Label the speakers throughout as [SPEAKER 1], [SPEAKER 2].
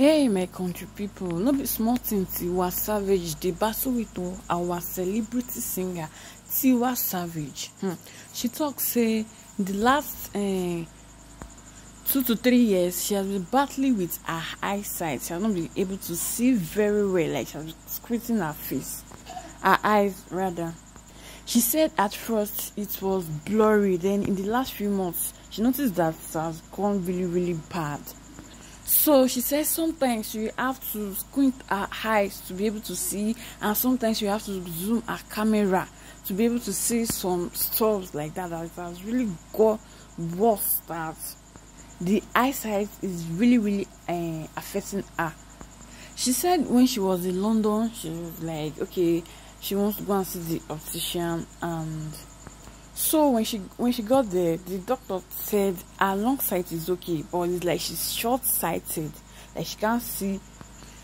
[SPEAKER 1] Hey, my country people, no be small thing Tiwa Savage dey battle with our celebrity singer Tiwa Savage. Hmm. She talks say the last uh, two to three years she has been battling with her eyesight. She has not been able to see very well, like she has been squinting her face, her eyes rather. She said at first it was blurry, then in the last few months she noticed that it has gone really, really bad. So she says sometimes you have to squint her eyes to be able to see, and sometimes you have to zoom a camera to be able to see some stuff like that. That has really got worse. That the eyesight is really, really uh, affecting her. She said when she was in London, she was like, okay, she wants to go and see the optician and So when she when she got there, the doctor said her long sight is okay, but it's like she's short sighted, like she can't see.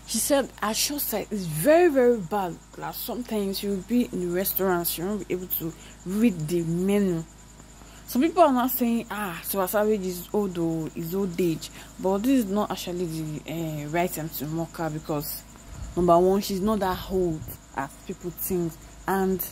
[SPEAKER 1] She said her short sight is very very bad. Like sometimes she will be in the restaurant, she won't be able to read the menu. Some people are not saying ah, so her Savage is old though, is old age, but this is not actually the uh, right time to mock her because number one, she's not that old as people think, and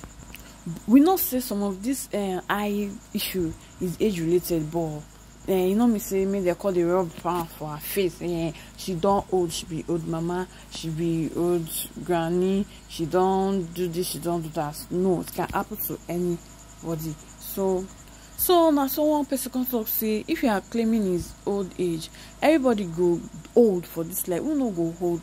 [SPEAKER 1] we know say some of this uh, eye issue is age related but uh, you know me say me they call the rub palm for her face uh, she don old she be old mama she be old granny she don do this she don do that no it can happen to anybody so so na so one person come talk say if you are claiming his old age everybody go old for this life who no go old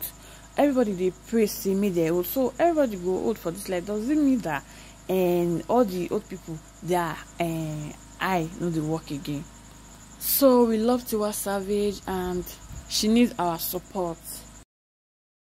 [SPEAKER 1] everybody dey pray say make they old so everybody go old for this life does it mean that and all the old people their uh, eye no dey work again so we love tiwa savage and she needs our support.